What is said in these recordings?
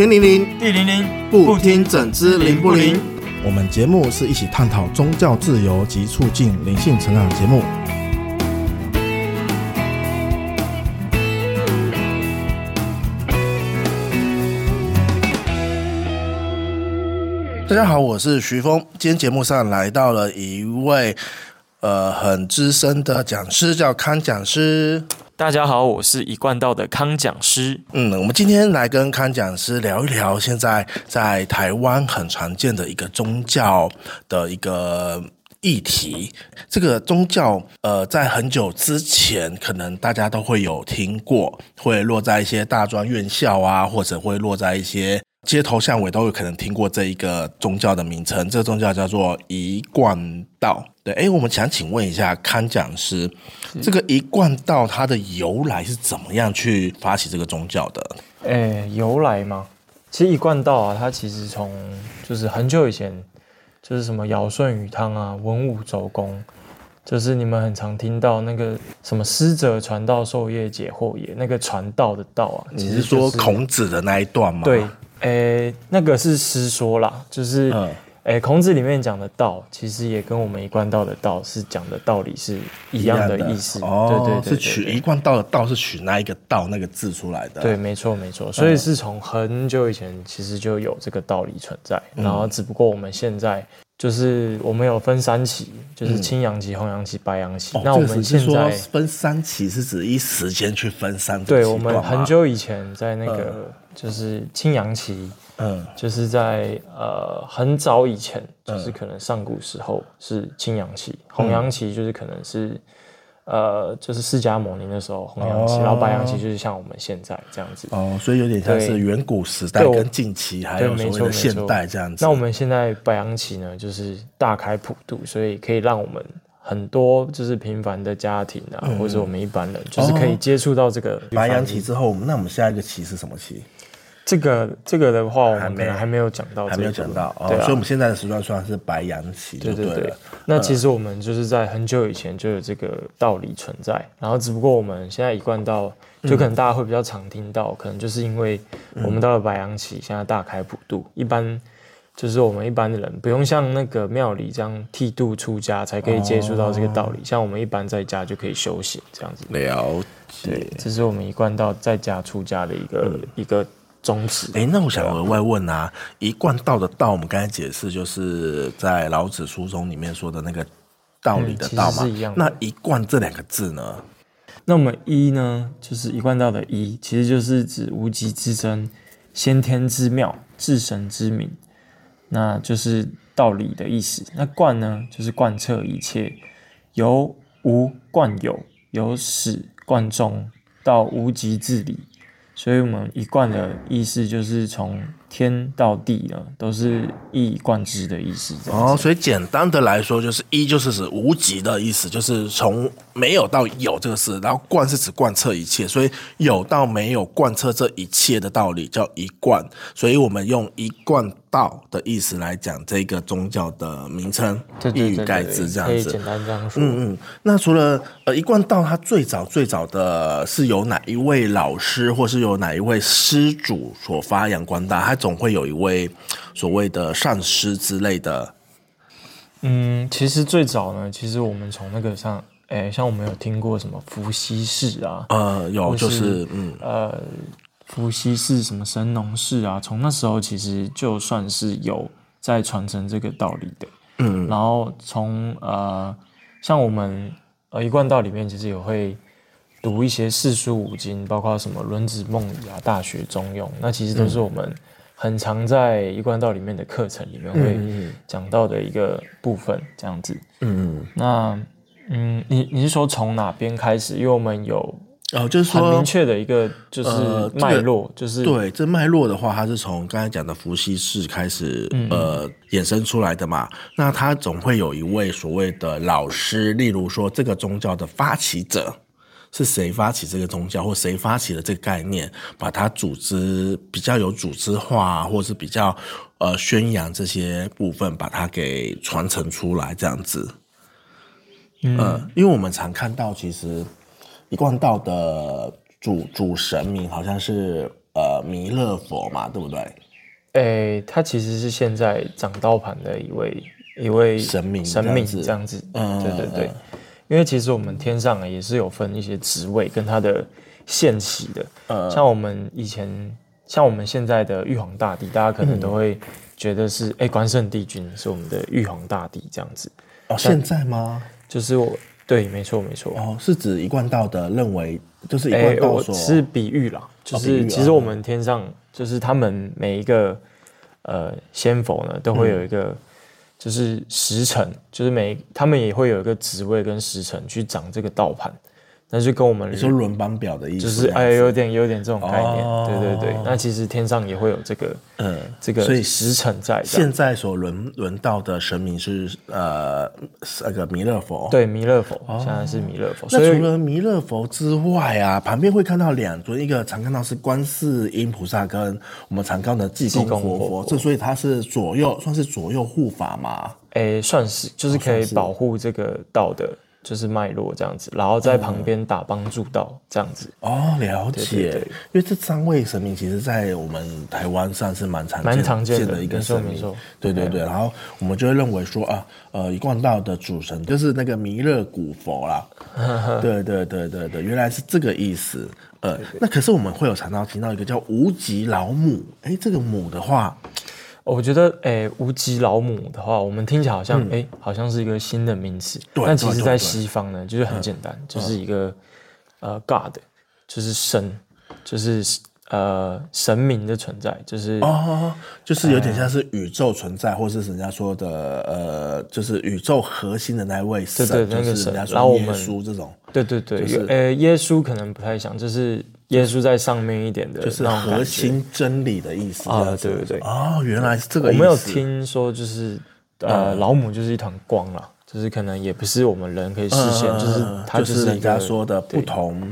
天靈靈，零零地靈靈，不聽怎知靈不靈？我們節目是一起探討宗教自由及促進靈性成長的節目。大家好，我是徐峰，今天節目上來到了一位呃很資深的講師，叫康講師。大家好，我是一貫道的康講師。嗯，我們今天來跟康講師聊一聊現在在台灣很常見的一個宗教的一個議題。這個宗教，呃，在很久之前，可能大家都會有聽過，會落在一些大專院校啊，或者會落在一些街頭巷尾，都有可能聽過這一個宗教的名稱。這個宗教叫做一貫道。哎，我們想請問一下，康講師，是這個一貫道它的由來是怎麼樣去發起這個宗教的？哎，由來嗎？其實一貫道啊，它其實從就是很久以前，就是什麼堯舜禹湯啊，文武周公，就是你們很常聽到那個什麼師者傳道授業解惑也，那個傳道的道啊，其實就是、你是說孔子的那一段嗎？對，哎，那個是師說啦，就是。嗯哎、欸，孔子裡面講的道，其實也跟我們一貫道的道是講的道理是一樣的意思。對對對，是取一貫道的道是取那一個道那個字出來的？對，沒錯，沒錯。所以是從很久以前其實就有這個道理存在，嗯、然後只不過我們現在就是我們有分三期，就是青陽期、紅陽期、白陽期。嗯、那我們現在、哦就是、就是分三期是指一時間去分三個？對我們很久以前在那個就是青陽期。嗯，就是在呃很早以前，就是可能上古時候是青陽期，紅陽期就是可能是，呃，就是釋迦牟尼的時候紅陽期，然後白陽期就是像我們現在這樣子哦，所以有點像是遠古時代跟近期還有所謂的現代這樣子。那我們現在白陽期呢，就是大開普渡，所以可以讓我們很多就是平凡的家庭啊，或者我們一般人，就是可以接觸到這個白陽期之後，那我們下一個期是什麼期？這個這個的話，我們可能還沒有講到這還，還沒有講到，哦啊、所以我們現在的時段算是白陽期。對對對。那其實我們就是在很久以前就有這個道理存在，嗯、然後只不過我們現在一貫道，就可能大家會比較常聽到，嗯、可能就是因為我們到了白陽期，嗯、現在大開普渡，一般就是我們一般的人不用像那個廟裡這樣剃度出家才可以接觸到這個道理，哦、像我們一般在家就可以修行這樣子。了解。對，這是我們一貫道在家出家的一個、嗯、一個。宗旨。哎、欸，那我想額外問啊，一貫道的道，我們剛才解釋就是在《老子》書中裡面說的那個道理的道嘛，嗯，其實是一樣的。那一貫這兩個字呢？那我們一呢，就是一貫道的一，其實就是指無極之真、先天之妙、至神之名，那就是道理的意思。那貫呢，就是貫徹一切，由無貫有，由始貫終，到無極至理。所以，我們一貫的意思就是從天到地的，都是一以貫之的意思。哦，所以簡單的來說，就是一就是指無極的意思，就是從沒有到有這個事，然後貫是指貫徹一切，所以有到沒有貫徹這一切的道理叫一貫。所以我們用一貫道的意思來講，這個宗教的名稱，一語概之，這樣子，簡單這樣說。嗯嗯，那除了呃一貫道，它最早最早的是由哪一位老師，或是由哪一位師祖所發揚光大？它總會有一位所謂的善師之類的。嗯，其實最早呢，其實我們從那個像，哎，像我們有聽過什麼伏羲氏啊，呃，有，就是、就是，嗯，呃。伏羲氏什麼神農氏啊？從那時候其實就算是有在傳承這個道理的。嗯。然後從呃，像我們呃一貫道裡面其實也會讀一些四書五經，包括什麼《論語》、《孟子》啊，《大學》嗯《中庸》，那其實都是我們很常在一貫道裡面的課程裡面會講到的一個部分，嗯、這樣子。嗯嗯。那嗯，你你是說從哪邊開始？因為我們有。哦、呃，就是說很明確的一個就是脈絡，呃這個、就是對這脈絡的話，它是從剛才講的伏羲氏開始，嗯嗯呃，衍生出來的嘛。那它總會有一位所謂的老師，例如說這個宗教的發起者是誰發起這個宗教，或誰發起了這個概念，把它組織比較有組織化，或是比較呃宣揚這些部分，把它給傳承出來這樣子。嗯、呃，因為我們常看到其實。一貫道的主主神明好像是，呃，彌勒佛嘛，對不對，欸？他其實是現在掌道盤的一位一位神明神明這樣子，樣子嗯，對對對。嗯，因為其實我們天上也是有分一些職位跟他的限期的。嗯，像我們以前像我們現在的玉皇大帝，大家可能都會覺得是哎，嗯欸，關聖帝君是我們的玉皇大帝這樣子。哦，但現在嗎？就是我。對，沒錯，沒錯。哦，是指一貫道的認為，就是一貫道所。我是比喻啦，就是、哦啊、其實我們天上就是他們每一個呃仙佛呢，都會有一個就是時辰，嗯、就是每他們也會有一個職位跟時辰去掌這個道盤。那就跟我們說輪班表的意思，就是哎，有點有點這種概念，對對對。哦、那其實天上也會有這個，嗯，這個。所以時辰在現在所輪輪到的神明是呃那個彌勒佛。對，彌勒佛，現在是彌勒佛。哦、那除了彌勒佛之外啊，旁邊會看到兩尊，一個常看到是觀世音菩薩，跟我們常看到濟公活佛、佛。這所以它是左右，算是左右護法嗎？哎，算是就是可以保護這個道的。就是脈絡這樣子，然後在旁邊打幫助道這樣子、嗯、哦，了解。對對對，因為這三位神明其實，在我們台灣上是蠻常見、蠻常見的見一個神明。沒錯，沒錯。對對對，對然後我們就會認為說啊，呃，一貫道的主神就是那個彌勒古佛啦。 對對對對，對原來是這個意思。呃，對對那可是我們會有常常聽到一個叫無極老母，哎，這個母的話。我覺得，誒，無極老母的話，我們聽起來好像，嗯、誒，好像是一個新的名詞。對。但其實，在西方呢，就是很簡單，嗯、就是一個，嗯、呃，God，就是神，就是呃，神明的存在，就是哦，哦，哦，就是有點像是宇宙存在，呃、或是人家說的，呃，就是宇宙核心的那位神，對對那個神。然後我們耶穌這種，對對對、就是，耶穌可能不太像，就是。耶穌在上面一點的那種，就是核心真理的意思啊！對對對！哦，原來是這個意思。我沒有聽說，就是呃，嗯、老母就是一團光啦，就是可能也不是我們人可以實現，嗯、就是它就是人家說的不同，對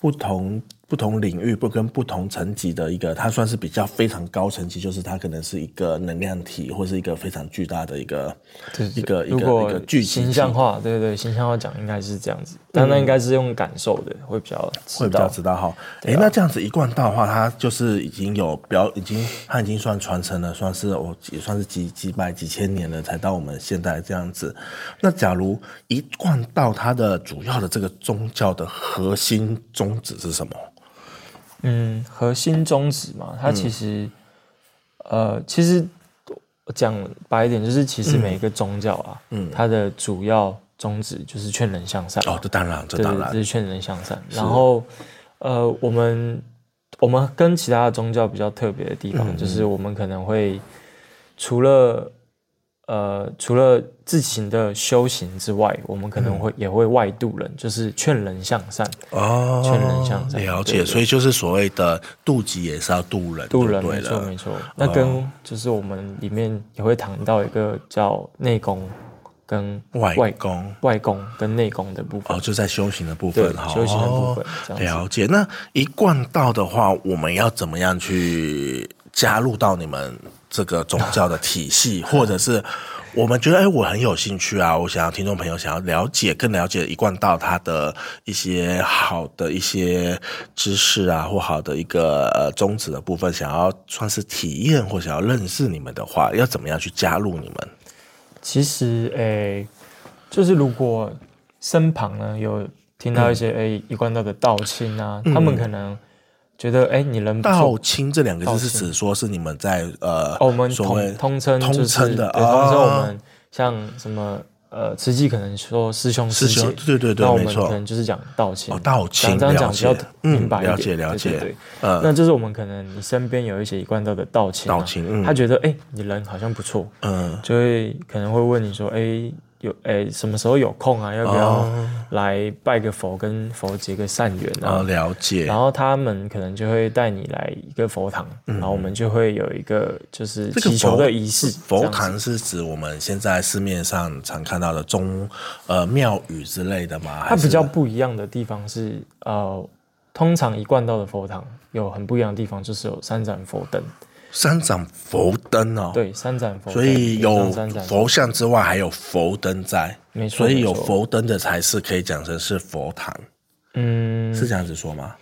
不同。不同領域不跟不同層級的一個，它算是比較非常高層級，就是它可能是一個能量體，或是一個非常巨大的一個對對對一個果一個巨型，形象化，對對對，形象化講應該是這樣子，嗯、但那應該是用感受的，會比較會比較知道哈。誒、欸，啊、那這樣子一貫道的話，它就是已經有表，已經它已經算傳承了，算是哦，也算是幾幾百幾千年了，才到我們現在這樣子。那假如一貫道它的主要的這個宗教的核心宗旨是什麼？嗯，核心宗旨嘛，它其實，嗯、呃，其實講白一點，就是其實每一個宗教啊，嗯，它的主要宗旨就是勸人向善。哦，這當然，這當然，這、就是勸人向善。是然後，呃，我們我們跟其他的宗教比較特別的地方，嗯、就是我們可能會除了。呃，除了自行的修行之外，我們可能會也會外渡人，就是勸人向善，勸人向善。了解，所以就是所謂的渡己也是要渡人，渡人沒錯沒錯。那跟就是我們裡面也會談到一個叫內功跟外外功外功跟內功的部分，哦，就在修行的部分，修行的部分。了解，那一貫道的話，我們要怎麼樣去加入到你們這個宗教的體系，啊、或者是我們覺得哎，我很有興趣啊，我想要聽眾朋友想要了解更了解一貫道它的一些好的一些知識啊，或好的一個、呃、宗旨的部分，想要算是體驗或想要認識你們的話，要怎麼樣去加入你們？其實，哎，就是如果身旁呢有聽到一些、嗯、哎一貫道的道親啊，他們可能。覺得哎，你人不錯。道親這兩個字是指說是你們在呃，我們統通稱通稱的啊。比如我們像什麼呃，慈濟可能說師兄師姐、師兄。對對對，沒錯，可能就是講道親。道親，這樣講比較明白一點。了解了解，對，那就是我們可能你身邊有一些一貫道的道親，道親，他覺得哎，你人好像不錯，嗯，就會可能會問你說哎。有哎，什麼時候有空啊？要不要來拜個佛，跟佛結個善緣？啊、哦？然後了解，然後他們可能就會帶你來一個佛堂，嗯、然後我們就會有一個就是祈求的儀式。佛，佛堂是指我們現在市面上常看到的中呃廟宇之類的嗎？它比較不一樣的地方是，呃，通常一貫道的佛堂有很不一樣的地方，就是有三盞佛燈。三盞佛燈哦，對，三盞佛燈，所以有佛像之外，還有佛燈在，沒錯，所以有佛燈的才是可以講成是佛堂，嗯，是這樣子說嗎？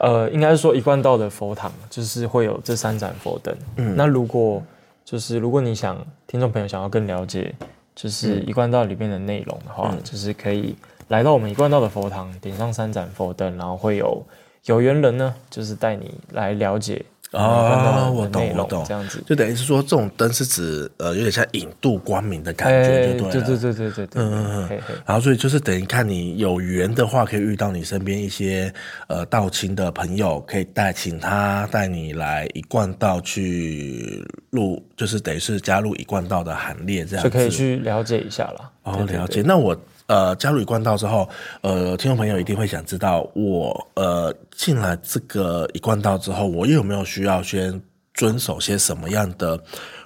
呃，應該是說一貫道的佛堂就是會有這三盞佛燈。嗯，那如果就是如果你想聽眾朋友想要更了解，就是一貫道裡面的內容的話，嗯，就是可以來到我們一貫道的佛堂，點上三盞佛燈，然後會有有緣人呢，就是帶你來了解。哦，我懂我懂這樣子。Oh, 就等於是說，這種燈是指呃，有點像引渡光明的感覺，就對了。Hey, 對對對對對。嗯嗯。嗯 Hey, hey.。然後所以就是等於看你有緣的話，可以遇到你身邊一些呃道親的朋友，可以帶請他帶你來一貫道去入，就是等於是加入一貫道的行列，這樣子就可以去了解一下了。哦，oh， 了解。那我。呃，加入一貫道之後，呃，聽眾朋友一定會想知道我，我呃進來這個一貫道之後，我有沒有需要先遵守些什麼樣的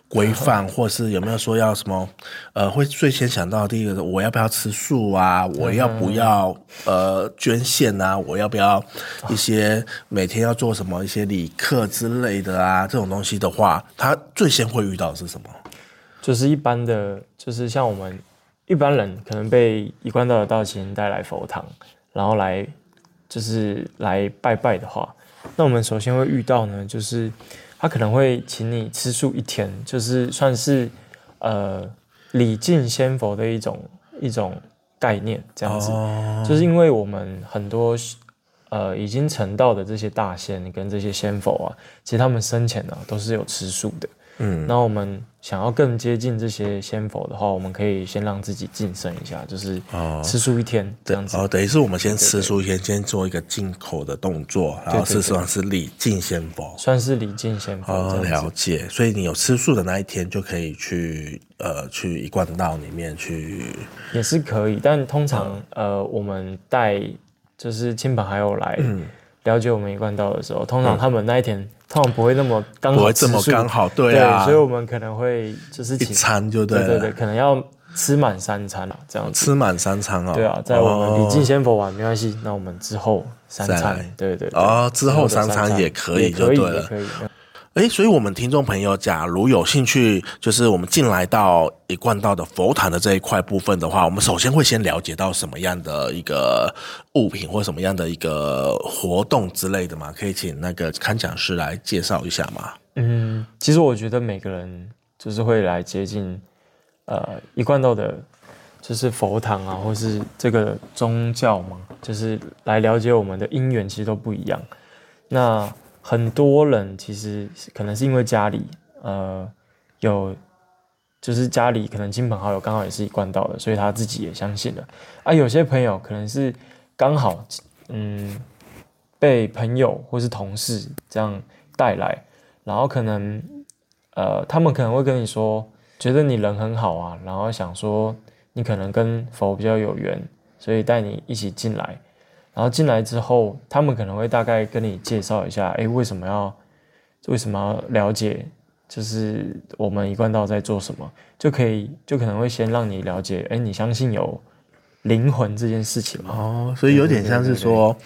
規範，或是有沒有說要什麼？呃，會最先想到的第一個，我要不要吃素啊？我要不要、嗯、哼呃捐獻啊？我要不要一些每天要做什麼一些禮課之類的啊？這種東西的話，他最先會遇到的是什麼？就是一般的，就是像我們。一般人可能被一貫道的道親帶來佛堂，然後來就是來拜拜的話，那我們首先會遇到呢，就是他可能會請你吃素一天，就是算是呃禮敬仙佛的一種一種概念這樣子，oh. 就是因為我們很多呃已經成道的這些大仙跟這些仙佛啊，其實他們生前呢、啊、都是有吃素的。嗯，那我們想要更接近這些仙佛的話，我們可以先讓自己晉升一下，就是吃素一天、哦、這樣子。哦，等於是我們先吃素一天，對對對先做一個進口的動作，然後事實上是禮敬仙佛，算是禮敬仙佛。哦，了解。所以你有吃素的那一天，就可以去呃去一貫道裡面去，也是可以。但通常、嗯、呃我們帶就是親朋好友來了解我們一貫道的時候，嗯、通常他們那一天。他們不會那麼剛好，不會這麼剛好，對啊對，所以我們可能會就是請一餐就對，對，對對，可能要吃滿三餐了，這樣子、哦、吃滿三餐啊、哦，對啊，在我們禮敬先佛完，哦、沒關係，那我們之後三餐，來對對對，哦，之後三餐也可以對，可以，可以。嗯哎，所以我們聽眾朋友講，假如有興趣，就是我們進來到一貫道的佛堂的這一塊部分的話，我們首先會先了解到什麼樣的一個物品，或什麼樣的一個活動之類的嘛？可以請那個康講師來介紹一下嘛？嗯，其實我覺得每個人就是會來接近，呃，一貫道的，就是佛堂啊，或是這個宗教嘛，就是來了解我們的因緣，其實都不一樣。那。很多人其實可能是因為家裡呃有，就是家裡可能親朋好友剛好也是一貫道的，所以他自己也相信了。啊，有些朋友可能是剛好嗯被朋友或是同事這樣帶來，然後可能呃他們可能會跟你說，覺得你人很好啊，然後想說你可能跟佛比較有緣，所以帶你一起進來。然後進來之後，他們可能會大概跟你介紹一下，哎，為什麼要，為什麼要了解？就是我們一貫道在做什麼，就可以就可能會先讓你了解，哎，你相信有靈魂這件事情嗎？哦，所以有點像是說，對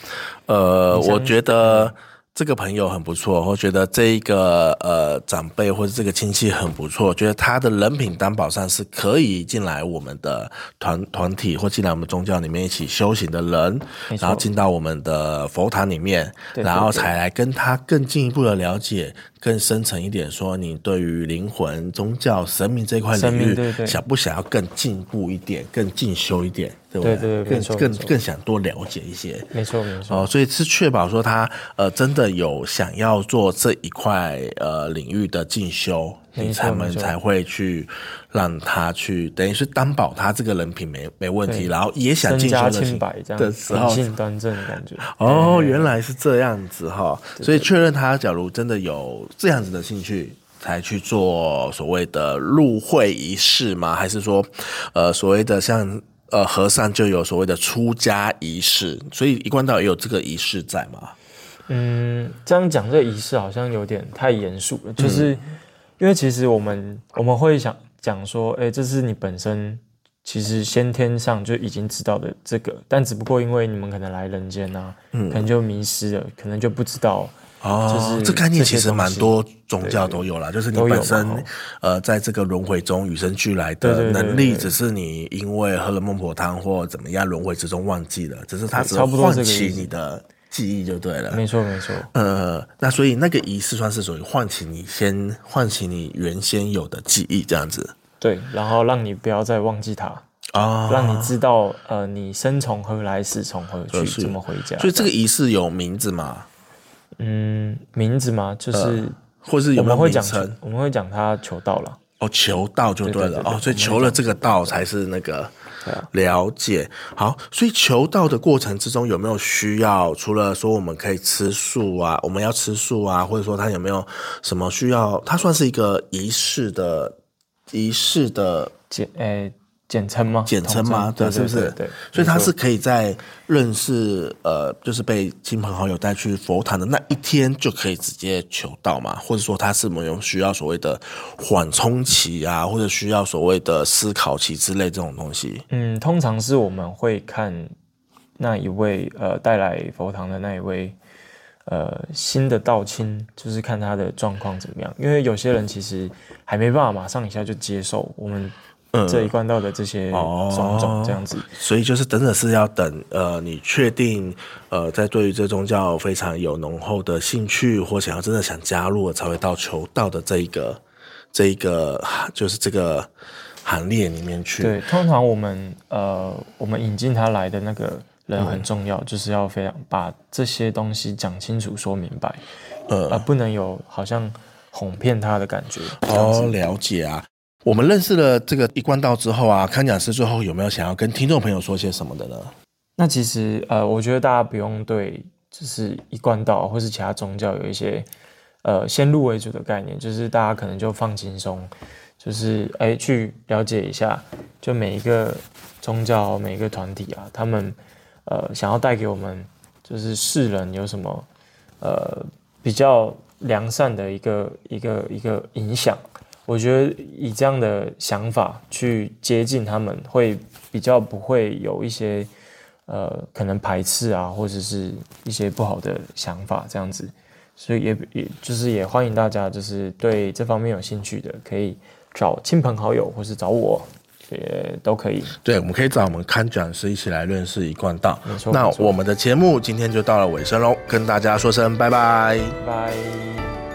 不對？呃，我覺得。這個朋友很不錯，我覺得這一個呃長輩或者這個親戚很不錯，覺得他的人品擔保上是可以進來我們的團團體或進來我們宗教裡面一起修行的人，沒錯。然後進到我們的佛堂裡面，然後才來跟他更進一步的了解，更深層一點，說你對於靈魂、宗教、神明這一塊領域，想不想要更進步一點、更進修一點，對不對？對對對，更沒錯，更更想多了解一些，沒錯沒錯。哦，所以是確保說他呃真的有想要做這一塊呃領域的進修。他們才，才會去讓他去，錯等於是擔保他這個人品沒沒問題，對然後也想身家清白這樣，進端正的感覺。哦，嗯、原來是這樣子哈，對對對，所以確認他，假如真的有這樣子的興趣，對對對才去做所謂的入會儀式嗎？還是說，呃，所謂的像呃和尚就有所謂的出家儀式，所以一貫道也有這個儀式在嗎？嗯，這樣講這個儀式好像有點太嚴肅，就是。嗯因為其實我們我們會想講說，誒，這是你本身其實先天上就已經知道的這個，但只不過因為你們可能來人間啊，嗯，可能就迷失了，可能就不知道。哦，就是、這概念其實蠻多宗教都有啦，對就是你本身有有、哦、呃在這個輪回中與生俱來的能力，只是你因為喝了孟婆湯或怎麼樣輪回之中忘記了，只是它只喚起你的。記憶就對了，沒錯沒錯。呃，那所以那個儀式算是屬於喚起你先喚起你原先有的記憶，這樣子。對，然後讓你不要再忘記它啊，讓你知道呃，你生從何來，死從何去，怎是麼回家。所以這個儀式有名字嗎？嗯，名字嗎？就是，呃、或是有沒有名稱？我們會講成，我們會講它求道了。哦，求道就對了、嗯、對對對對哦，所以求了這個道才是那個。了解，好。所以求道的過程之中有沒有需要？除了說我們可以吃素啊，我們要吃素啊，或者說他有沒有什麼需要？他算是一個儀式的儀式的誒。簡稱嗎？簡稱嗎？對,對,對，是不是？對，所以他是可以在認識說呃，就是被親朋好友帶去佛堂的那一天就可以直接求道嘛？或者說他是沒有需要所謂的緩衝期啊，或者需要所謂的思考期之類這種東西？嗯，通常是我們會看那一位呃帶來佛堂的那一位呃新的道親，就是看他的狀況怎麼樣，因為有些人其實還沒辦法馬上一下就接受我們。嗯，這一貫道的這些種種這樣子，嗯哦、所以就是真的是要等呃，你確定呃，在對於這宗教非常有濃厚的興趣，或想要真的想加入，才會到求道的這一個這一個就是這個行列裡面去。對，通常我們呃，我們引進他來的那個人很重要，嗯、就是要非常把這些東西講清楚、說明白，呃、嗯，而不能有好像哄騙他的感覺。哦，了解啊。我們認識了這個一貫道之後啊，康講師最後有沒有想要跟聽眾朋友說些什麼的呢？那其實呃，我覺得大家不用對就是一貫道或是其他宗教有一些呃先入為主的概念，就是大家可能就放輕鬆，就是哎去了解一下，就每一個宗教、每一個團體啊，他們呃想要帶給我們就是世人有什麼呃比較良善的一個一個一個影響。我覺得以這樣的想法去接近他們，會比較不會有一些，呃，可能排斥啊，或者是一些不好的想法這樣子。所以也也就是也歡迎大家，就是對這方面有興趣的，可以找親朋好友，或是找我，也都可以。對，我們可以找我們康講師一起來認識一貫道。沒錯。那我們的節目今天就到了尾聲囉，跟大家說聲拜拜。拜拜。